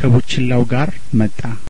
ከቡችላው ጋር መጣ